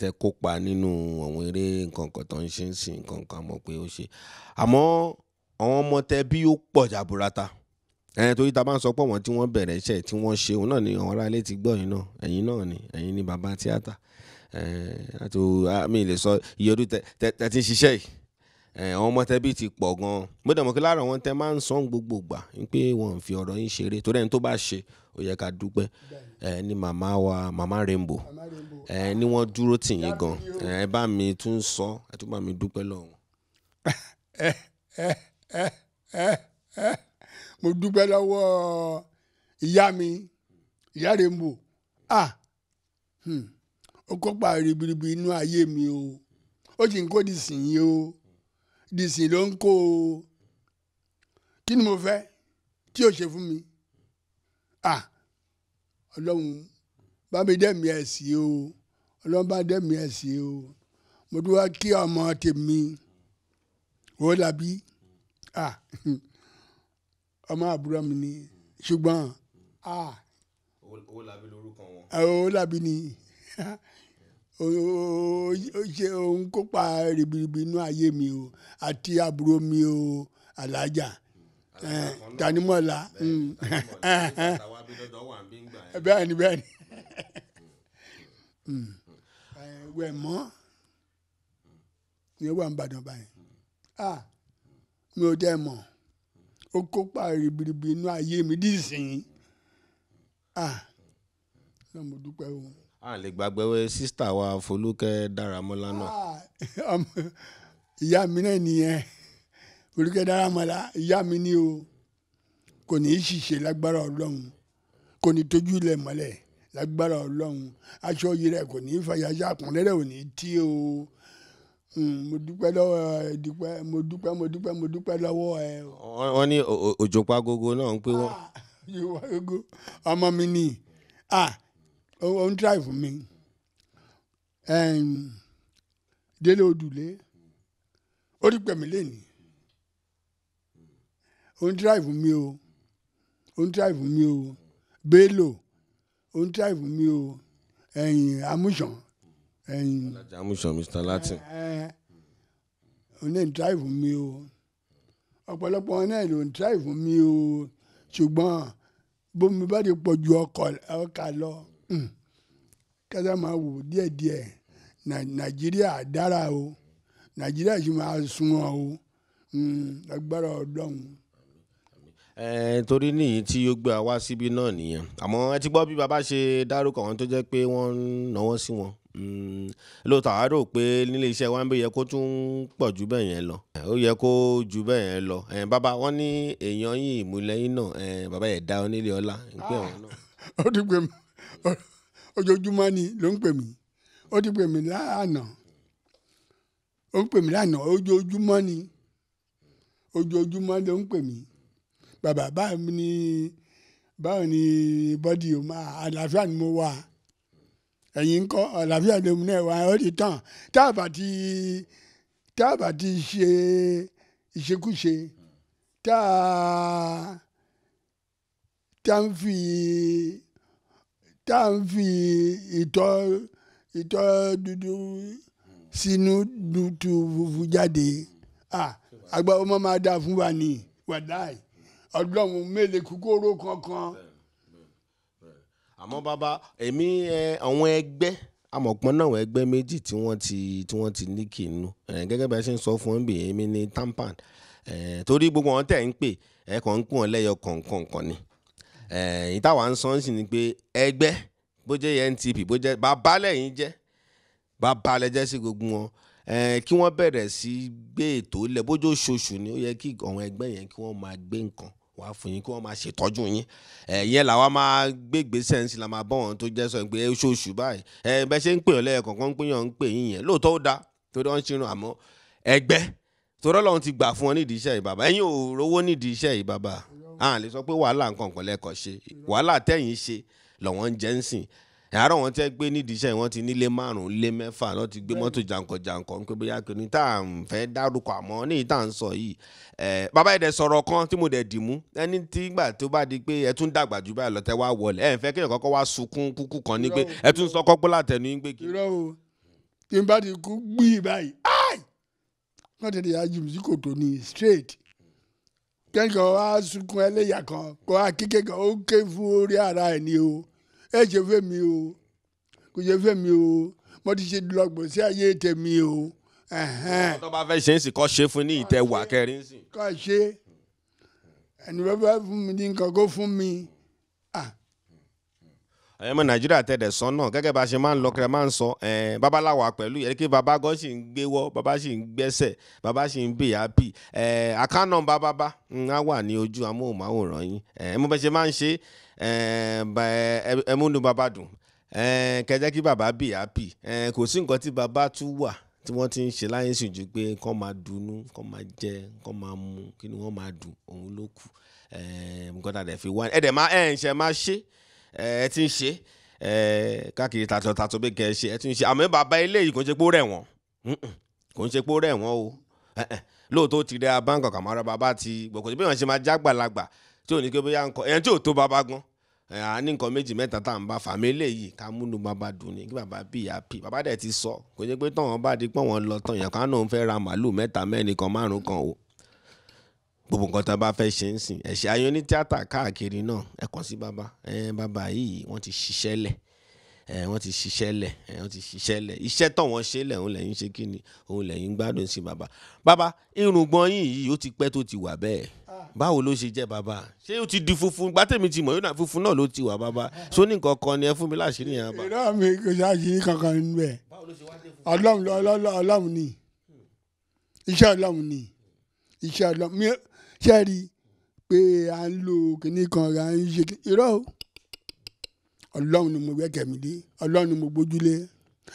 tẹ́ kópa nínú àwọn eré nǹkankan tó ń ṣe ń sìn nǹkankan mọ̀ pé ó ṣe àmọ́ àwọn ọmọ tẹ́ bí ó pọ̀ jaburata ẹ̀yin torí ta bá ń sọ pé wọ́n tí wọ́n bẹ̀rẹ̀ iṣẹ́ tí wọ́n ṣe òun náà ni àwọn aráalé ti gbọ́ yín náà ẹ̀yin náà ni ẹ̀yin ni bàbá tíátà àti mi lè sọ iye ọdún tẹ ti ń ṣiṣẹ́ yìí àwọn ọmọ tẹbí ti pọ̀ gan-an mo dẹ̀ mọ̀ pé lára wọn tẹ máa ń sàn gbogbo gbà pé wọn ń fi ọ̀rọ̀ yín ṣeré torí ẹni tó bá ṣe ó yẹ ká dúpẹ́ ẹ màmá wa màmá Rainbow ẹ ní dúró tì yín gan ẹ mo dúpẹ́ lọ́wọ́ ìyá mi ìyá rẹ̀ ń bò à ó kópa ribiribi inú ayé mi o ó sì ń kó dìsìn yìí o dìsìn ló ń kó o kí ni mo fẹ́ tí ò ṣe fún mi à ah, ọlọ́run bá mi dẹ́mi ẹ̀ sí o ọlọ́run bá dẹ́mi ẹ̀ sí o mo dúró kí ọmọ tèmi wò lábí à ọmọ àbúrò mi ni ṣùgbọ́n a. owó làbí lórúkọ wọn. owó làbí ni ó ṣe òun kópa ribiribi inú ayé mi o àti àbúrò mi o alájà tanimọ̀lá. Mm. bẹ́ẹ̀ ni bẹ́ẹ̀ ni mm. Mm. wẹ̀ mọ́ ni ó wà ń bàdàn báyìí mi ò dẹ́ mọ̀ ó kópa ribiribi inú ayé mi dísìn ah náà mo dúpẹ́ o. a lè gbàgbé wẹ sísítà wa Folúkẹ́ Dáramọ́lá náà. ìyá mi náà nìyẹn Folúkẹ́ Dáramọ́lá ìyá mi ni o kò ní í ṣìṣe lágbára Ọlọ́run kò ní tójú ilẹ̀ mọ́lẹ̀ lágbára Ọlọ́run aṣọ yìí rẹ̀ kò ní í fàyà ṣàkúnlẹ̀ ò ní í tí o. Hmm, mo dúpẹ́ lọ́wọ́ ẹ dúpẹ́ mo dúpẹ́ mo dúpẹ́ mo dúpẹ́ lọ́wọ́ ẹ. wọ́n ní òjòpá gogo náà ń pè wọ́n. Ah, òjòpá gogo ọmọ mi ni ah, ó ń tíráì fún mi délé odùlé ó rí pẹ̀mí lẹ́nìí ó ń tíráì fún mi o ó ń tíráì fún mi o bélò ó ń tíráì fún mi o ẹ̀yìn amúṣàn ẹyin. alájà amusan mr latin. ẹ ẹ oní ń drive mi o ọ̀pọ̀lọpọ̀ wọn náà ló ń drive mi o ṣùgbọ́n bómi bá ti pọ̀ ju ọkà lọ hmm, kẹsà máa wò díẹ̀díẹ̀ nàìjíríà dára o nàìjíríà sì máa sunwọ̀n o hmm, agbára ọlọ́run. torí nìyí tí yóò gbé wa síbí náà nìyẹn àmọ́ ẹ ti gbọ́ bí bàbá ṣe dárúkọ àwọn tó jẹ́ pé wọ́n ń náwó sí wọn Mm, lóòótọ́ àá rò pé nílé iṣẹ́ wa ń bẹ yẹ kó tún pọ̀ ju bẹ́ẹ̀ yẹn lọ ó yẹ kó ju bẹ́ẹ̀ yẹn lọ bàbá wọn ní èèyàn yín ìmúlẹ́yìn náà bàbá ẹ̀dá onílé ọlá ń pè wọn náà. ó ti pè mí ojoojúmọ́ ni ló ń pè mí ó ti pè mí lánàá ó ń pè mí lánàá ojoojúmọ́ ni ojoojúmọ́ ló ń pè mí bàbá báwo ni báwo ni bọ́dì o máa àlàáfíà ni mo wà ẹ̀yin ńkọ́ àlàáfíà lèmi náà wà ó ti tàn tá a bá ti tá a bá ti ṣe ìṣekúṣe tá a tá a ń fi tá a ń fi ìtọ́ ìtọ́ dúdú sínú dúdú funfun jáde àgbà ọmọ máa dáa fún wa ní wàdáì ọdún ọ̀hún mélòó kúkúrú kankan. Yeah àmọ́ bàbá èmi àwọn ẹgbẹ́ amọ̀pọ̀n náà àwọn ẹgbẹ́ méjì tí wọ́n ti tí wọ́n ti ní kìnnú gẹ́gẹ́ bí a ṣe ń sọ fún ẹ̀ èmi ní tampan torí gbogbo wọn tẹ̀ ń pè ẹ̀ kàn ń pọ̀ lẹ́yọ kọ̀ọ̀kan kan ni ìtawà ń sọ ń sì ni pé ẹgbẹ́ bó jẹ́ NTP bó jẹ́ bàbá lẹ́yìn jẹ́ bàbá lẹ́jẹ́ sí gbogbo wọn kí wọ́n bẹ̀rẹ̀ sí gbé ètò lẹ̀ bójú oṣooṣù ni ó yẹ kí àwọn ẹgbẹ́ yẹn kí wọ́n máa gbé nǹkan wàá fún yín kí wọ́n máa ṣètọ́jú yín ẹ̀yẹn làwa máa gbégbé sẹ́ǹsì la máa bọ̀ wọ́n tó jẹ́ sọ pé oṣooṣù báyìí ẹ̀ bẹ́ ṣe ń pè ọ́ lẹ́yẹ̀kọ̀ọ̀kan ń pè yàn ń pè yín yẹn lóòótọ́ ó da torí wọ́n ń ṣirun àmọ́ ẹgbẹ́ torí Ọlọ́run ti gbà fún ọ nídìí iṣẹ́ yìí bàbá ẹ̀yin ò rówó nídìí iṣẹ́ yìí bàbá à lè sọ pé wàhálà nǹkan kan ṣe wàhálà tẹ̀yìn ṣe lọ́wọ́n jẹ́ ń sìn yàrá wọn tẹ́ gbé nídìí iṣẹ́ wọn ti nílé márùn lé mẹ́fà lọ́ọ́ ti gbé mọ́tò jàǹkọ̀-jàǹkọ̀ ń pé bóyá kìíní tá à ń fẹ́ dárúkọ àmọ́ ní ìta ń sọ yìí bàbá ẹ̀dẹ̀ sọ̀rọ̀ kan tí mo dẹ̀ dì mú ẹni tí gbà tó bá di pé ẹ tún dàgbà jù báyìí lọ́tẹ́ wá wọlé ẹ̀ ń fẹ́ kéèyàn kọ́kọ́ wá sunkún kúkú kan ní pé ẹ tún sọ kọ́pọ́ látẹnu ń gbé kí. irọ́ o tí n bá ti kú gbìyì báyìí wọ́n ti di ayé mi sí kòtò ní straight kẹ́ńkọ́ wá sunkún ẹlẹ́yà kan kó akékèké ó ké fún orí ara ẹ̀ ní o ẹ ṣe fẹ́ mi o kò ṣe fẹ́ mi o mo ti ṣe lọ́gbọ̀n sí ayé tèmi o. tó bá fẹ́ ṣe é sì kọ́ ṣe fún ní ìtẹ̀wà kẹrin sí. kọ́ ṣe ẹni bá bá fún mi ní nǹkan kó fún mi. ẹ̀yin ọmọ nàìjíríà tẹ̀dẹ̀ sọ náà gẹ́gẹ́ bá ṣe máa ń lọ máa ń sọ babaláwa pẹ̀lú yẹ kí baba gan sì ń gbéwọ́ baba sì ń gbẹ́sẹ̀ baba sì ń bèyà bì àkànnà bábábá á wà ní ojú amóhùnmáwòrán yín ẹ̀ mo bẹ́ ṣe máa ń ṣe é. Eh, eh, ẹmúnú bàbá dùn eh, kẹjẹ kí bàbá bì happy kò sí nǹkan tí bàbá tún wà tí wọ́n ti ń ṣe láyé sì ju pé kọ́ máa dunnú kọ́ máa jẹ kọ́ máa mu kí ni wọ́n máa dùn òun ló kù nǹkan tàdé fi wá ẹ̀dẹ̀ máa ẹ̀ ń ṣe máa ṣe ẹ ti ń ṣe káàkiri tàtọ̀ tàtọ̀ bí kẹ́ ẹ ṣe ẹ ti ń ṣe àmọ́ bàbá eléyìí kò ń ṣe pé rẹ̀ wọ́n kò ń ṣe pé rẹ̀ wọ́n o lóòótọ́ ti rẹ abáǹkọ̀ kàmárà bàbá ti gbọ̀kọ̀ tí ò ní kí bóyá nǹkan ẹ̀yàn tí ò tó bàbá gan a ní nǹkan méjì mẹ́ta tá à ń bá fàmílì yìí ká múnú bàbá dùn ní kí bàbá bí ìyá pì bàbá dẹ̀ ti sọ kò jẹ́ pé tọ̀wọ́n bá di pọ̀ wọ́n lọ tán èèyàn kan náà ń fẹ́ ra màálù mẹ́ta mẹ́rin kan márùn kan o gbogbo nǹkan tá a bá fẹ́ ṣe ń sìn ẹ̀ṣẹ̀ ayé ní tíátà káàkiri náà ẹ kàn sí bàbá ẹ bàbá yìí wọ́n ti ṣiṣẹ́ lẹ̀ ẹ wọ́n ti ṣiṣẹ́ lẹ̀ ẹ wọ́n ti ṣiṣẹ́ lẹ̀ iṣẹ́ tọ̀wọ́n ṣe lẹ̀ òun lẹ́yìn ṣe kí ni òun lẹ́yìn gbádùn sí bàbá bàbá irùngbọ̀n yìí ó ti pẹ́ tó ti wà bẹ́ẹ̀ báwo ló ṣe jẹ́ bàbá ṣé o ti di funfun gbátẹ́mi ti mọ̀ yóò náà funfun náà ló ti wà bàbá sọ ní nǹkan kan ni ẹ fún mi láṣìírí yẹn bá. ìrọ̀ mi kò ṣe àṣírí kankan níbẹ̀ ọlọ́run ni iṣẹ́ ọlọ́run ni iṣẹ́ ọlọ́run mi ṣe rí i pé à ń lo kìnnì kan ra ń ṣe irọ́ o ọlọ́run ni mo gbẹ́kẹ̀ mi lé ọlọ́run ni mo gbójúlé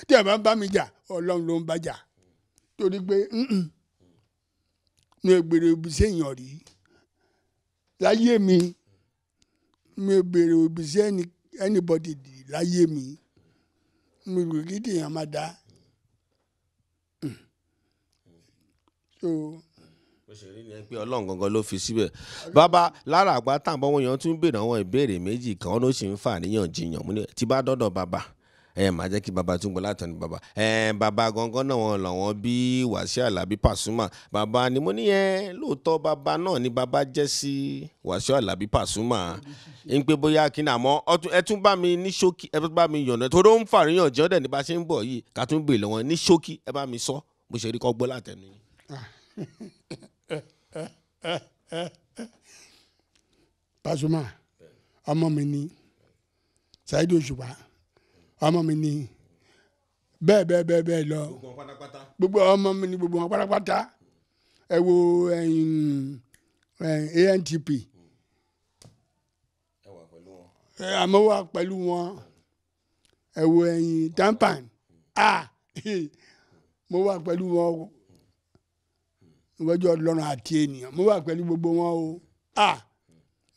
tí ẹ bá ń bá mi jà ọlọ́run ló ń bá jà torí pé mi ò gbèrò ibi séèyàn rí i láyé mi mi ò béèrè òbí sí anybody láyé mi mi ò kí tèèyàn máa dá. òṣèré ni ẹ pé ọlọ́run gangan ló fi síbẹ̀ bàbá lára àgbà tàbí àwọn èèyàn tún béèrè àwọn ìbéèrè méjì kan ló sì ń fà níyànjiyàn tí bá dọ́dọ̀ bàbá ẹ máa jẹ́ kí baba tún látọ̀ ní baba ẹ baba gangan náà wọn làwọn bí Wàsíù Àlàbí Pasuma baba ni mo ní yẹn lóòótọ́ baba náà ni baba jẹ́ sí Wàsíù Àlàbí Pasuma ń pé bóyá kí ni àmọ́ ẹ tún bá mi ní ṣókí ẹ bá mi yànnà tó ló ń fàríyàn jẹ́ ọ̀dẹ̀ ní bá ṣe ń bọ̀ yìí ká tún bèèrè wọn ní ṣókí ẹ bá mi sọ bó ṣe rí kọ́ gbọ́ látẹnu Pasuma ọmọ mi ni Saheed Òṣùpá ọmọ mi ni bẹ́ẹ̀ bẹ́ẹ̀ bẹ́ẹ̀ bẹ́ẹ̀ lọ gbogbo ọmọ mi ni gbogbo wọn pátápátá ẹ wo ANTP àmọ́ wà pẹ̀lú wọn ẹ wo tampan a mo wà pẹ̀lú wọn o ìwọ́jọ́ ọlọ́run àti ènìyàn mo wà pẹ̀lú gbogbo wọn o a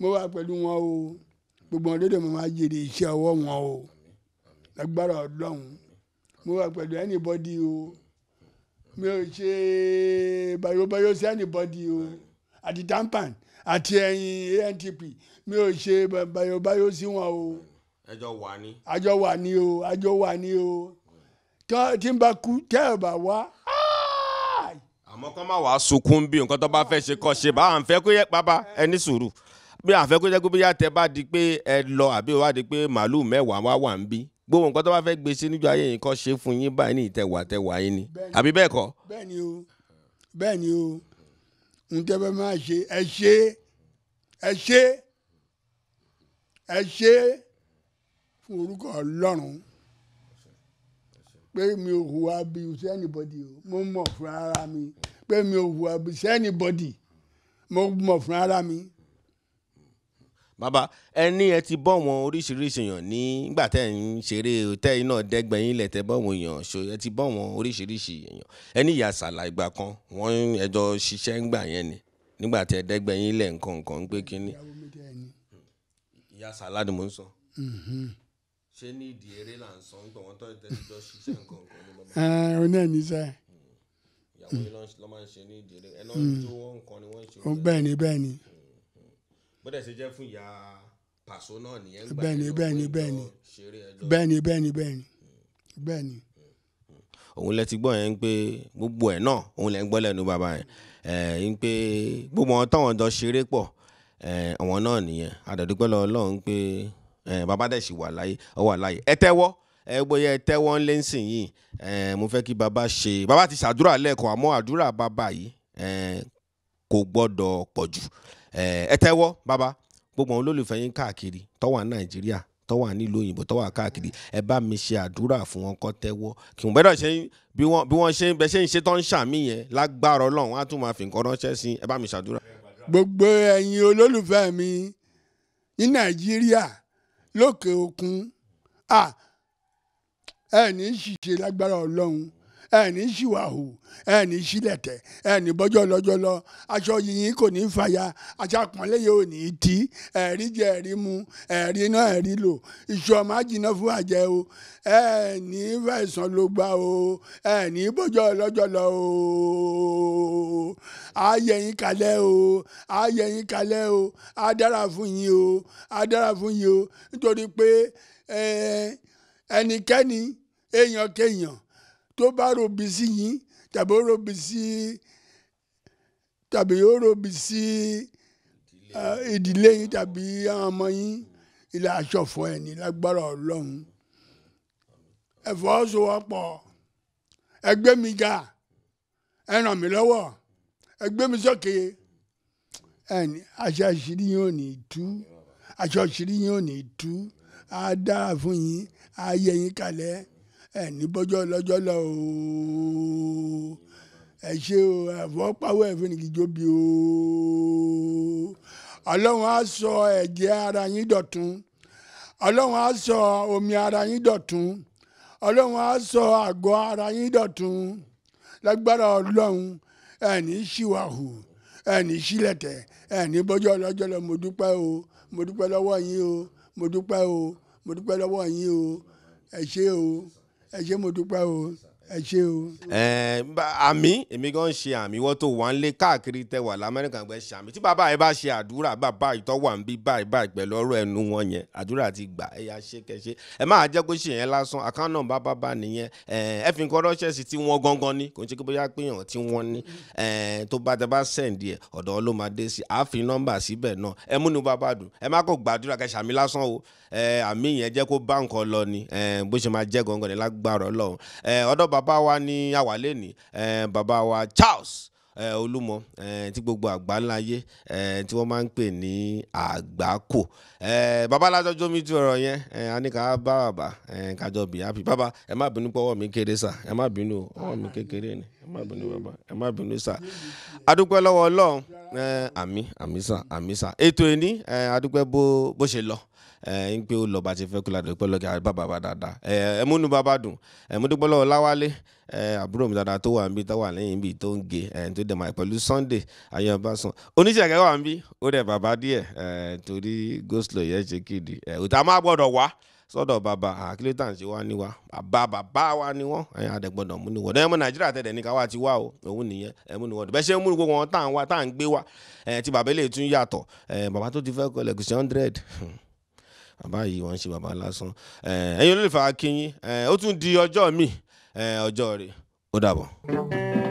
mo wà pẹ̀lú wọn o gbogbo wọn dédé mo máa jèrè iṣẹ́ ọwọ́ wọn o lágbára ọlọ́run mo wà pẹ̀lú anybody o mi ò ṣe bayobayo sí anybody o àti tampan àti ẹ̀yìn antp mi ò ṣe bayobayo sí wọn o. ẹjọ wà ní. àjọ wà ní o àjọ wà ní o tí n bá kú tẹ́ ẹ̀ bá wá àmọ́ kọ́ máa wàá sunkún bí nǹkan tó bá fẹ́ ṣe kọ́ ṣe bá à ń fẹ́ kó yẹ bàbá ẹ ní sùúrù bí à ń fẹ́ kó jẹ́ pé bí yàtẹ̀ bá di pé ẹ lọ àbí wàá di pé màálù mẹ́wàá wá wà ń bí gbogbo nǹkan tó bá fẹ́ gbé sí níjọ ayé yìí kọ́ ṣe fún yín báyìí ní ìtẹ̀wàtẹ̀wà yín ni àbí bẹ́ẹ̀ kọ́. bẹ́ẹ̀ni o bẹ́ẹ̀ni o n tẹ́ bẹ́ẹ̀ máa ṣe ẹ ṣe ẹ ṣe ẹ ṣe fún orúkọ ọlọ́run pé mi ò hùwà bí sẹ́nìbọ̀dì o mo mọ̀ fún ara mi pé mi ò hùwà bí sẹ́nìbọ̀dì mo mọ̀ fún ara mi bàbá ẹni ẹ ti bọ́ wọn oríṣiríṣi èèyàn nígbà tẹ́ ẹ̀ ń ṣeré tẹ́ iná dẹ́gbẹ̀yìn lẹ̀ tẹ́ bọ́ wọn èèyàn ṣo ẹ ti bọ́ wọn oríṣiríṣi èèyàn ẹni ìyá sàlà ìgbà kan wọ́n ẹjọ́ ṣiṣẹ́ ńgbà yẹn ni nígbà tẹ́ dẹ́gbẹ̀yìn lẹ̀ nǹkan pé kínní ìyá sàlà ni mò ń sọ mm-hmm. ṣé ní ìdí eré là ń sọ nígbà wọn tó ẹ ṣiṣẹ́ nǹkan kan ní bàbá. ìyàwó ló máa ń ṣe ní ìdí ẹ náà jó wọn nǹkan ni wọn ń ṣe. bẹ́ẹ̀ ni bẹ́ẹ̀ ni bọ́dẹ̀ ṣe jẹ́ fún ìyá pàṣọ náà nìyẹn gbà bẹ́ẹ̀ni bẹ́ẹ̀ni bẹ́ẹ̀ni bẹ́ẹ̀ni bẹ́ẹ̀ni bẹ́ẹ̀ni bẹ́ẹ̀ni. òun lẹ ti gbọ́ yẹn pé gbogbo ẹ̀ náà òun lẹ ń gbọ́ lẹ́nu bàbá yẹn ń pé gbogbo wọn táwọn jọ ṣeré pọ̀ àwọn náà nìyẹn àdàdúpẹ́ lọ ọlọ́run pé bàbá dẹ̀ sì wà láyé ó wà láyé ẹ tẹ́wọ́ ẹ bóyá ẹ tẹ́wọ́ ń lé nísìnyìí mo fẹ́ kí bàbá ṣe bàbá ti ṣàdúrà lẹ́ẹ̀kan àmọ́ àdúrà bàbá yìí kò gbọ́dọ̀ pọ̀ jù eh, ẹ tẹ́wọ́ bàbá gbogbo àwọn olólùfẹ́ yín káàkiri tó wà ní nàìjíríà tó wà nílùú òyìnbó tó wà káàkiri ẹ bá mi ṣe àdúrà fún wọn kó tẹ́wọ́ kí wọ́n bẹ́ẹ̀ ṣe bí wọ́n bí wọ́n ṣe bẹ́ẹ̀ ṣe ń ṣe tó ń ṣàmì yẹn lágbára ọlọ́run á tún máa fi nǹkan ránṣẹ́ sí ẹ bá mi ṣàdúrà. gbogbo ẹ̀yin olólùfẹ́ mi ní nàìjíríà lókè òkun ẹ ní ṣìṣe lágbára ọlọ́run ẹni ṣìwàhù ẹni ṣílẹ̀tẹ̀ ẹni bọ́jọ́ lọ́jọ́lọ́ aṣọ yìnyín kò ní faya aṣọ àpọ́nlé yóò ní tí ẹ̀rí jẹ ẹ̀rí mu ẹ̀rí iná ẹ̀rí lò iṣu ọmọ fún àjẹ o ẹni fẹ̀sán o ẹni o o o o o nítorí pé ẹnikẹ́ni èèyàn tó bá robi sí yín tàbí ó robi sí tàbí ó robi sí ìdílé yín tàbí àwọn ọmọ yín ilé aṣọ̀fọ̀ ẹ̀ ní lágbára ọlọ́run ẹ fọwọ́sowọ́pọ̀ ẹ gbé mi ga ẹ ràn mí lọ́wọ́ ẹ gbé mi sókè ẹni aṣọ àṣírí yín ò ní tú aṣọ àṣírí yín ò ní tú á dára fún yín á yẹ yín kalẹ̀ ẹ̀ ní bọ́jọ́ lọ́jọ́ lọ ooo ẹ ṣe o àfọwọ́pawọ́ ẹ̀fínìkìjọbi ooo ọlọ́run á sọ ẹ̀jẹ̀ ara yín dọ̀tun ọlọ́run á sọ omi ara yín dọ̀tun ọlọ́run á sọ àgọ́ ara yín dọ̀tun lágbára ọlọ́run ẹ̀ní ṣìwàhù ẹ̀ní ṣílẹ̀tẹ̀ ẹ̀ní bọ́jọ́ lọ́jọ́ lọ mo dúpẹ́ o mo dúpẹ́ lọ́wọ́ yín o mo dúpẹ́ o mo dúpẹ́ lọ́wọ́ yín o ẹ ṣé o ẹ ṣé mo dúpẹ́ o ẹ ṣé o. àmì èmi gan ṣe àmì wọ́n tó wà ń lé káàkiri tẹwà lamẹ́ríkà gbẹ ṣe àmì tí bàbá yẹn bá ṣe àdúrà bàbá ìtọ́ wà ń bí báyìí báyìí pẹ̀lú ọ̀rọ̀ ẹnu wọn yẹn àdúrà ti gbà ẹ̀yà ṣe kẹ́ṣe ẹ máa jẹ́ kó ṣe yẹn lásán account number bàbá nìyẹn ẹ fi nǹkan ránṣẹ́ sí tí wọ́n gangan ní kò ń ṣe kí bóyá péyàn tí wọ́n ní tó bá tẹ bá sẹ́ǹdì ẹ̀ ọ̀dọ̀ ọlọ́mọdé àmì yẹn jẹ́ kó bá nǹkan lọ ni bó ṣe máa jẹ́ gangan ní lágbára ọlọ́run ọ̀dọ̀ bàbá wa ní àwálé ni bàbá wa Charles olúmọ tí gbogbo àgbáńláyé tí wọ́n máa ń pè ní àgbákò babalájọ jómi tí ọ̀rọ̀ yẹn a ní ká bá bàbá kájọ bí happy bàbá ẹ má bínú pọ́wọ́ mi kéré sà ẹ má bínú ọwọ́ mi kékeré ni má bínú bàbá ẹ má bínú sà adúpẹ́ lọ́wọ́ ọlọ́run àmì àmì sà àmì sà ètò ẹni adúpẹ́ bó bó ṣe lọ ń pé ó lọ bá ti fẹ́ kó ládùn pẹ́ lọ́kẹ́ àbá bàbá dáadáa ẹ múnú bàbá dùn ẹ mú dúpẹ́ lọ́wọ́ láwálé àbúrò mi dáadáa tó wà níbi tó wà lẹ́yìn ibi tó ń ge tó dẹ̀ máa pẹ̀lú Sunday ayé ọba sàn oníṣẹ́gẹ́ wà níbi ó dẹ̀ bàbá díẹ̀ torí goslow yẹn ṣe kéde òtá má gbọ́dọ̀ wá sọ́dọ̀ bàbá àkílẹ̀ tà ń ṣe wá níwá bàbá bàbá wa ni wọ́n ẹ̀yìn àdẹ̀gbọ́dọ̀ mú ni wọ̀dọ̀ nàìjíríà tẹ̀dẹ̀ ní káwá ti wá o òun nìyẹn ẹ̀mú ni wọ̀dọ̀ bẹ́ẹ̀ ṣe ń mú gbogbo wọn tá à ń wá tá à ń gbé wá ti bàbá ilé tún yàtọ̀ bàbá tó ti fẹ́ kọ́ lẹ́gùsì hundred hmm. bàbá yìí wọ́n ṣe bàbá lásán ẹ̀yin olólùfẹ́ akínyìn ó tún di ọjọ́ mi ọjọ́ rẹ̀ ó dàbọ̀.